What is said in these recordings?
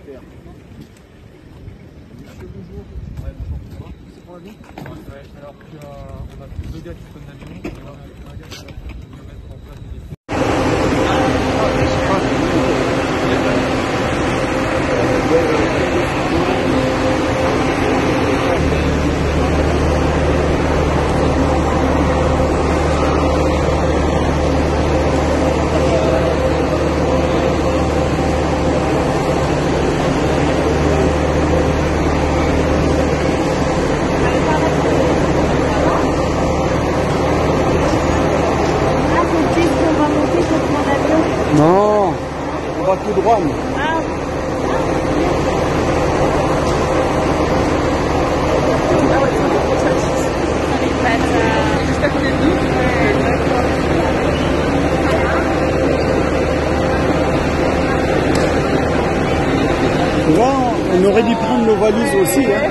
Monsieur, bonjour. C'est pour la vie. alors qu'on euh, a deux gars qui prennent l'avion. Non, on va tout droit. Mais. on aurait dû prendre nos valises aussi. Hein.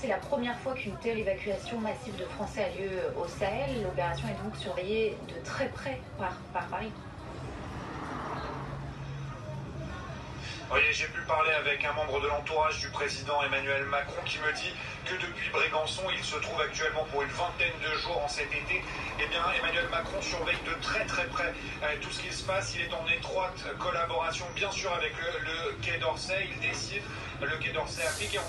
c'est la première fois qu'une telle évacuation massive de Français a lieu au Sahel. L'opération est donc surveillée de très près par, par Paris. j'ai pu parler avec un membre de l'entourage du président Emmanuel Macron qui me dit que depuis Brégançon, il se trouve actuellement pour une vingtaine de jours en cet été. Eh bien, Emmanuel Macron surveille de très très près euh, tout ce qui se passe. Il est en étroite collaboration, bien sûr, avec le, Quai d'Orsay. Il décide, le Quai d'Orsay applique.